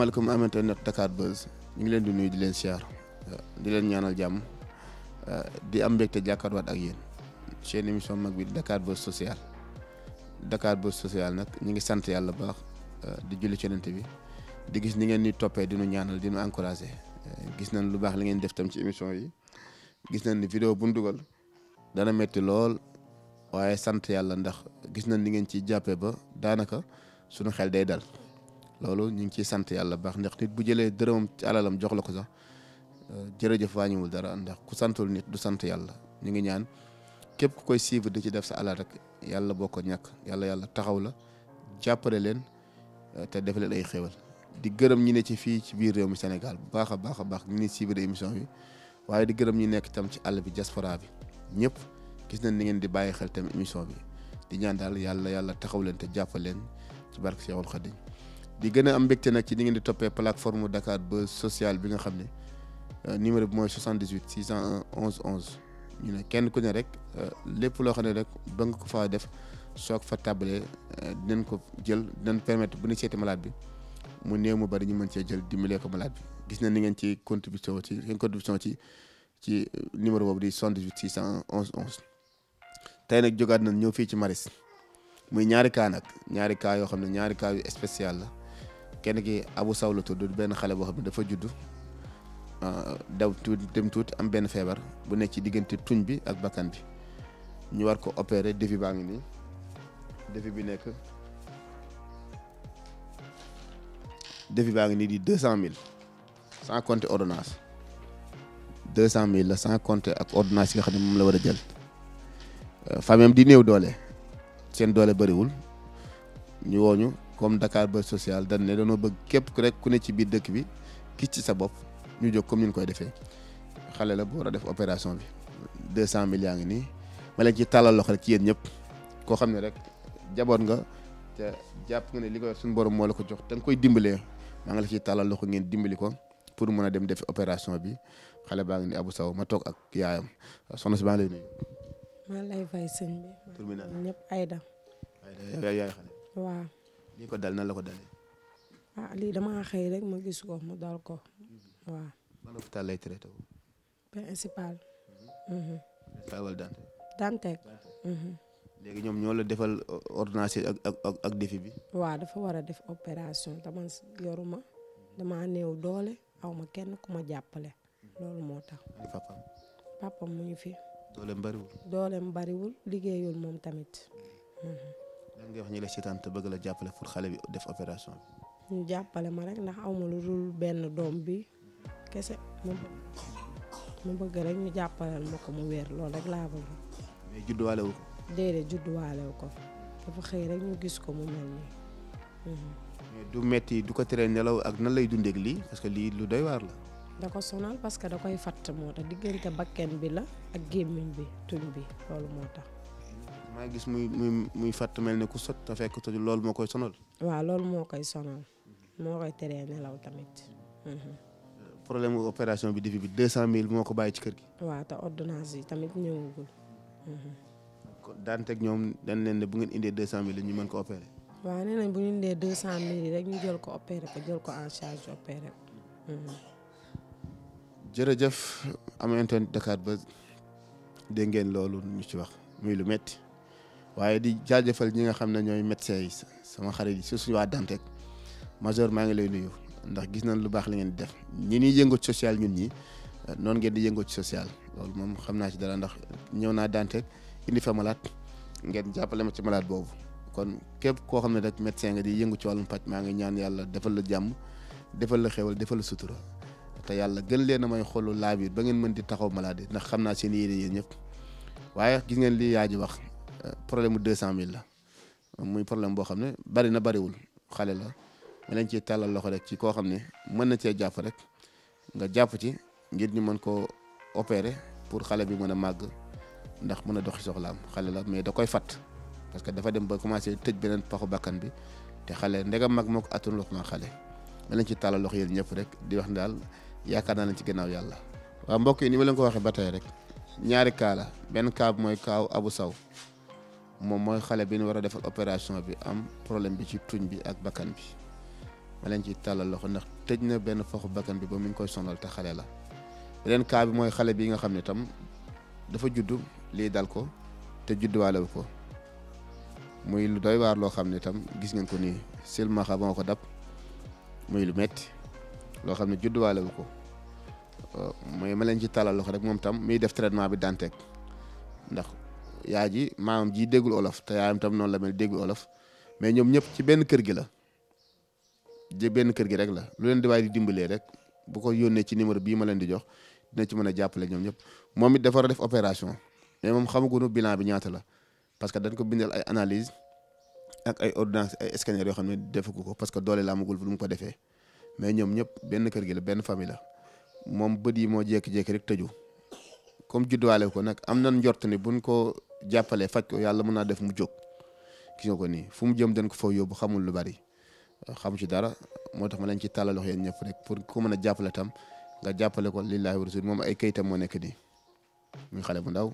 asalaamaaleykum amante net Dakar Buzz ñu ngi leen di nuy di leen siyaar eh, di leen ñaanal jàmm eh, di am mbégte jàkkaarwaat ak yéen seen émission mag bi Dakar Buzz social Dakar Buzz social nag ñu ngi sant yàlla baax eh, di julli ci Yonent bi di gis ni ngeen ni toppee di nu ñaanal di nu gis nañ lu baax li ngeen def tam ci émission yi gis nañ ni vidéo bu dana metti lool waaye sant yàlla ndax gis nañ ni ngeen ci jàppee ba daanaka sunu xel day dal. loolu ñu ngi ciy sant yàlla baax ndax nit bu jëlee dërëmam ci alalam jox la ko sax euh, jërëjëf wàññiwul dara ndax ku santul nit du sant yàlla ñu ngi ñaan képp ku koy suivre di ci def sa alal rek yàlla bokk ko ñàkk yàlla yàlla taxaw la jàppale leen euh, te def leen ay xéwal di gërëm ñi ne ci fii ci biir réew mi Sénégal bu baax a baax a baax ñu ngi suivre émission bi waaye di gërëm ñi nekk tam ci àll bi diaspora bi ñëpp gis nañ ni ngeen di bàyyi xel tam émission bi di ñaan daal yàlla yàlla taxaw leen jàppal leen ci barke Seexul Xadiim di gën a am mbégte nag ci ni ngeen di toppee plateforme Dakar Buzz social bi nga xam ne euh, numéro bi mooy 78 601 11 11 ñu ne kenn ku ne rek euh, lépp loo xam ne rek ba nga ko faa def soo ko fa tabalee euh, dinañ ko jël dinañ permetre bu nu seeti malade bi mu néew mu bari ñu mën cee jël dimbalee ko malade bi gis na ni ngeen ci contribution ci seen contribution ci ci numéro boobu di 78 601 11 11 tey nag jogaat nañ ñëw fii ci Maris muy ñaari cas nag ñaari kaa yoo xam ne ñaari cas yu la kenn ki Abu Saw la tudd benn xale boo xam ne dafa juddu euh, daw tuuti dem tuuti am benn feebar bu nekk ci diggante tuñ bi ak bakkan bi ñu war ko opérer defi baa ngi nii defi bi nekk defi baa ngi nii di deux cent mille sans compter ordonnance deux cent mille la cent compter ak ordonnance yi nga xam ne moom la war a jël euh, famille di néew doole seen doole bëriwul ñu wooñu comme Dakar Buzz Social dañ ne dañoo bëgg képp ku rek ku ne ci biir dëkk bi gis ci sa bopp ñu jox comme ni ñu koy defee xale la bu war a def opération bi 200 millions ngi nii ma leen ci tàllal loxo rek ci yéen ñëpp koo xam ne rek jaboot nga jàpp nga ne li ko suñu borom moo la ko jox te koy dimbalee maa ngi la ciy tàllal loxo ngeen dimbali ko pour mën a dem defi opération bi xale baa ngi ni Abou Sow ma toog ak yaayam soxna si maa ngi lay nuyu. maa lay fay sëñ bi. tur lii ko dal ah, lii damaa xëy rek ma gis ko mu dal ko mhm. waaw. ban mhm. Mhm. ñoom ñoo la defal uh, ordonnance ak ak bi. waaw dafa war a def opération dama yoruma dama néew doole aw ma kenn ku ma jàppale. loolu moo tax. papa mu ngi fi. dooleem bariwul. dooleem bariwul liggéeyul moom tamit. lan ngay wax ñu la seetaan te bëgg la jàppale pour xale bi def opération bi. ñu jàppale ma rek ndax awma lu dul benn doom bi kese mu bëgg rek ñu jàppale ma ko mu wér loolu rek laa bëgg. mais judduwaale ko. déedéet judduwaale ko dafa xëy rek ñu gis ko mu mel nii. du metti du ko tere nelaw ak nan lay dundeek lii parce que lii lu doy waar la. da ko sonal parce que da koy fatt moo tax diggante bakken bi la ak gémmiñ bi tuñ bi loolu moo tax. maa gis muy muy fàtt mel ne ku sot te fekk loolu moo koy sonal. waaw loolu moo koy sonal moo koy teree nelaw tamit. Mhm. problème opération bi defi bi deux cent mille moo ko bàyyi ci kër gi. waaw te ordonnance tamit mhm. ñoom dañ leen ne bu ngeen indee deux cent mille ñu mën ko opéré. waaw nee nañ bu ñu indee deux cent rek ñu jël ko opéré ko jël ko en charge opéré ko. Mhm. jërëjëf am internet Dakar ba dégg ngeen loolu ñu ci wax muy lu metti waaye di jaajëfal ñi nga xam ne ñooy médecins yi sama xarit yi su suñu waa Dantec major maa ngi lay nuyu ndax gis nañ lu baax la ngeen di def ñi ñuy yëngu social ñun ñi noonu ngeen di yëngu ci social loolu moom xam naa ci dara ndax ñëw naa Dantec indi fa malaat ngeen jàppale ma ci malade boobu kon képp koo xam ne rek médecin nga di yëngu ci wàllum paj maa ngi ñaan yàlla defal la jàmm defal la xewal defal la sutura te yàlla gën leen a may xolu laab biir ba ngeen mën di taxaw malade ndax xam naa seen yéene yéen ñëpp waaye gis ngeen li yaa ji wax problème mu cent mille la muy problème boo xam ne bari na bariwul xale la ma leen ciy tàllal loxo rek ci koo xam ne mën na cee jàpp rek nga jàpp ci ngir ñu mën koo opérer pour xale bi mën a màgg ndax mën a doxi soxlaam xale la mais da koy fat parce que dafa dem ba commencé tëj beneen paxu bakkan bi te xale ndegam mag moo ko attanul xale ma leen ci tàllal loxo yéen ñëpp rek di wax ne daal yaakaar naa leen ci gannaaw yàlla waaw mbokki yi ni ma leen ko waxee ba rek ñaari kaa benn kaa mooy kaaw Abu Saw moom mooy xale bi nu war a defal opération bi am problème bi ci tuñ bi ak bakkan bi ma leen ci tàllal loxo ndax tëj na benn foxu bakkan bi ba mu ngi koy sonal te xale la beneen cas bi mooy xale bi nga xam ne tam dafa judd lii ko te judduwaale ko muy lu doy waar loo xam ne tam gis ngeen ko nii silmaxa ba ma ko dab muy lu metti loo xam ne judduwaale ko euh, mooy ma leen ci tàllal loxo rek moom tam muy def traitement bi daan teg ndax yaa ji maam ji déggul olof te yaayam tam noonu la mel déggul olof mais ñoom ñëpp ci benn kër gi la ci benn kër gi rek la lu leen di waaye di dimbalee rek bu ko yónnee ci numéro bii ma leen di jox dina ci mën a jàppale ñoom ñëpp moom it dafa a def opération mais moom xamaguñu bilan bi ñaata la parce que dañ ko bindal ay analyse ak ay ordonnance ay scanner yoo xam ne defagu ko parce que doole la amagul lu mu ko defee mais ñoom ñëpp benn kër gi la benn famille la moom bët yi moo jékki-jékki rek tëju comme judduwaale ko nag am nan njort ni buñ ko jàppalee faj ko yàlla mën naa def mu jóg gis nga ko nii fu mu jëm dañ ko fa yóbbu xamul lu bari euh, xam ci dara moo tax ma lañ ci tàllal loxo yéen ñëpp rek pour ko mën a jàppale tam nga jàppale ko lillaahi wa rasul moom ay kayitam moo nekk nii muy xale bu ndaw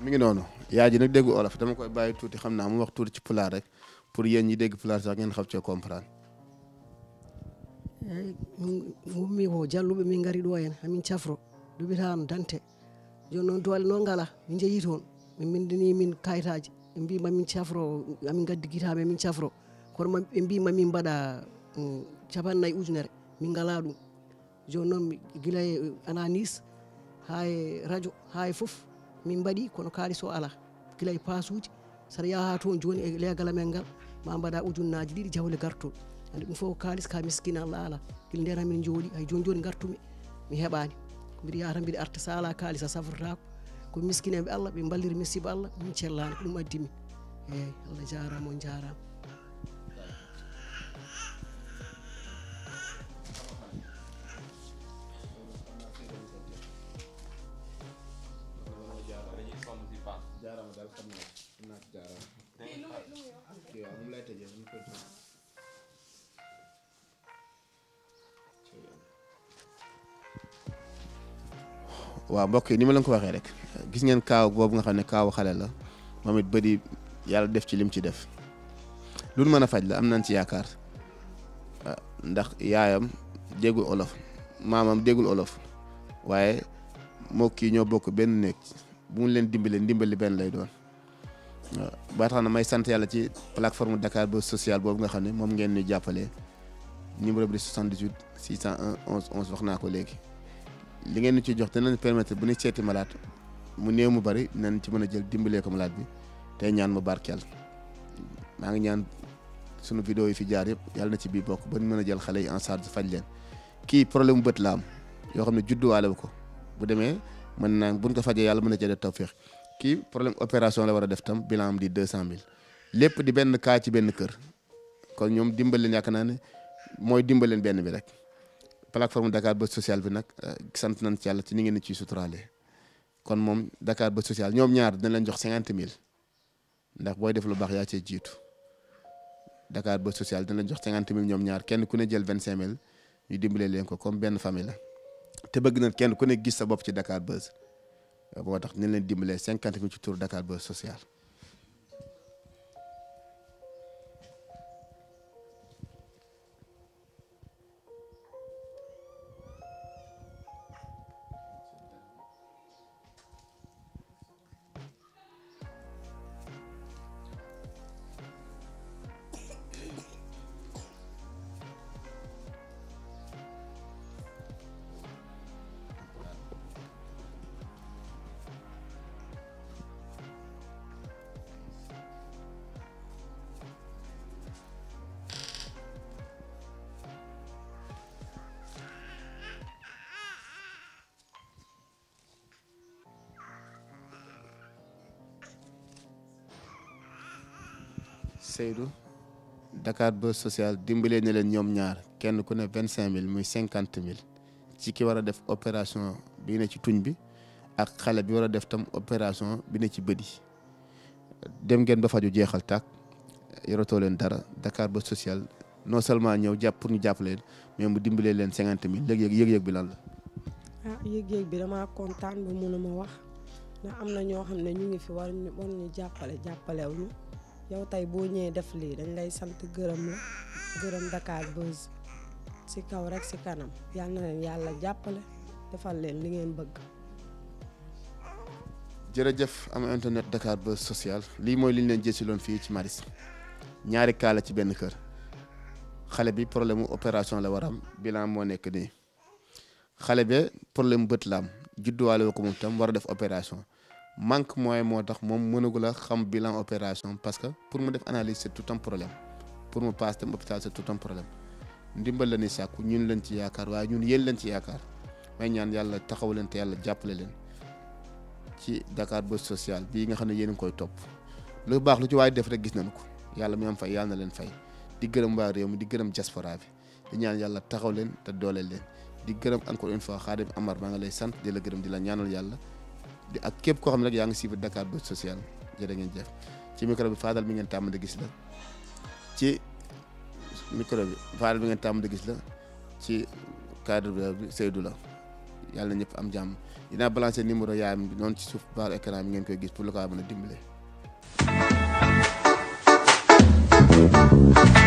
mi ngi noonu yaa ji nag dégg olof dama koy bàyyi tuuti xam na mu wax tuuti ci pulaar rek pour yéen ñi dégg pulaar sax ngeen xam cee comprendre gummi ko jalluɓe min ngari ɗo hen hamin cafro duɓitano dante joni noon doole noon ngala min jeeyi toon min bindini min kayitaji ɓe mbi mamin cafro min min ngala ɗum joni noon guila e eh, ananis ha e radio ha min mbaɗi kono kalis o ala gila e pasuji toon joni e leegal amen ngal ma mbaɗa ujunnaji ɗiɗi jawle gartol andi ɗum fof kalis ka miskina allah gila nder amin jooɗi hay joni joni gartumi mi heɓani mbiɗa yahata mbiɗa arta sa ala a safrotako ko miskineɓe allah ɓe balliri musiba allah min cellani ɗum addimi eyyi waaw mbokk yi ni ma leen ko waxee rek gis ngeen kaaw boobu nga xam ne kaaw xale la moom it di yàlla def ci lim ci def lu mën a faj la am nañ ci yaakaar ah, ndax yaayam déggul olof maamam déggul olof waaye moo kii ñoo bokk benn néeg bu mu leen dimbalee ndimbali benn lay doon ah, ba tax na may sant yàlla ci plateforme Dakar Buzz social boobu nga xam ne moom ngeen ñu jàppale numéro bi di 78 601 11 11 wax naa ko léegi. li ngeen ci jox dinañ permettre bu ñu seeti malaat mu néew mu bari nañ ci mën a jël dimbalee ko malaat bi te ñaan mu barkeel maa ngi ñaan sunu vidéo yi fi jaar yëpp yàlla na ci bii bokk ba ñu mën a jël xale yi en charge faj leen kii problème mu bët la yoo xam ne judduwaale ko bu demee mën naa buñ ko fajee yàlla mën na cee def tawféex kii problème opération la war a def tam bilan am di deux cent mille lépp di benn cas ci benn kër kon ñoom dimbal leen yaakaar naa ne mooy dimbal leen benn bi rek. plateforme Dakar Buzz sociale bi nag eh, sant nañ ci yàlla ci ni ngeen di ciy suturaale kon moom Dakar Buzz Social ñoom ñaar dina leen jox cinquante mille ndax booy def lu baax yaa cee jiitu Dakar Buzz Social dina leen jox cinquante mille ñoom ñaar kenn ku ne jël vingt cinq mille ñu dimbalee leen ko comme benn famille la te bëgg na kenn ku ne gis sa bopp ci Dakar Buzz boo tax dina leen dimbalee cinquante mille ci tur Dakar Buzz Social. Seydou Dakar Buzz Social dimbalee na leen ñoom ñaar kenn ku ne vingt cinq mille muy cinquante mille ci ki war a def opération bi ne ci tuñ bi ak xale bi war a def tam opération bi ne ci bët yi dem ngeen ba faju jeexal takk yoratoo leen dara Dakar ba Social non seulement ñëw jàpp pour ñu jàpp leen mais mu dimbalee leen cinquante mille léeg-léeg yëg-yëg bi lan la. Ah, yëg-yëg bi damaa kontaan ba mënuma wax ndax am na ñoo xam ne ñu ngi fi war ñu war ñu jàppale jàppalewuñu yow tey boo ñëwee def lii dañ lay sant gërëm la gërëm Dakar Buzz ci kaw rek ci kanam yal leen yàlla jàppale defal leen li ngeen bëgg. jërëjëf am internet Dakar Buzz social lii mooy li ñu leen jësiloon fii ci Maris ñaari kaa ci benn kër xale bi problème mu opération la war am bilan moo nekk nii xale be problème bët la am judduwaale ko moom tam war a def opération. manque moyen moo tax moom mënagul a xam bilan opération parce que pour mu def analyse c'est tout un problème pour mu passe dem hôpital c'est tout un problème ndimbal la ni sàkku ñun leen ci yaakaar waaye ñun yéen leen ci yaakaar may ñaan yàlla taxaw leen te yàlla jàppale leen ci dakaar Buzz Social bii nga xam ne yéen a ngi koy topp lu baax lu ci waaye def rek gis nañu ko yàlla mi am fay yàlla na leen fay di gërëm waa réew mi di gërëm diaspora bi ñaan yàlla taxaw leen te dooleel leen di gërëm encore une fois Khadim Amar lay sant di la gërëm di la ñaanal yàlla di ak képp koo xam ne rek yaa ngi suivre Dakar Buzz Social jërë ngeen jëf ci micro bi Fadal mi ngeen tàmm gis la ci micro bi Fadal ngeen tàmm di gis la ci cadre bi Seydou la yàlla na ñëpp am jàmm dinaa balancer numéro yaayam bi noonu ci suuf baaru écran bi ngeen koy gis pour lu ko mën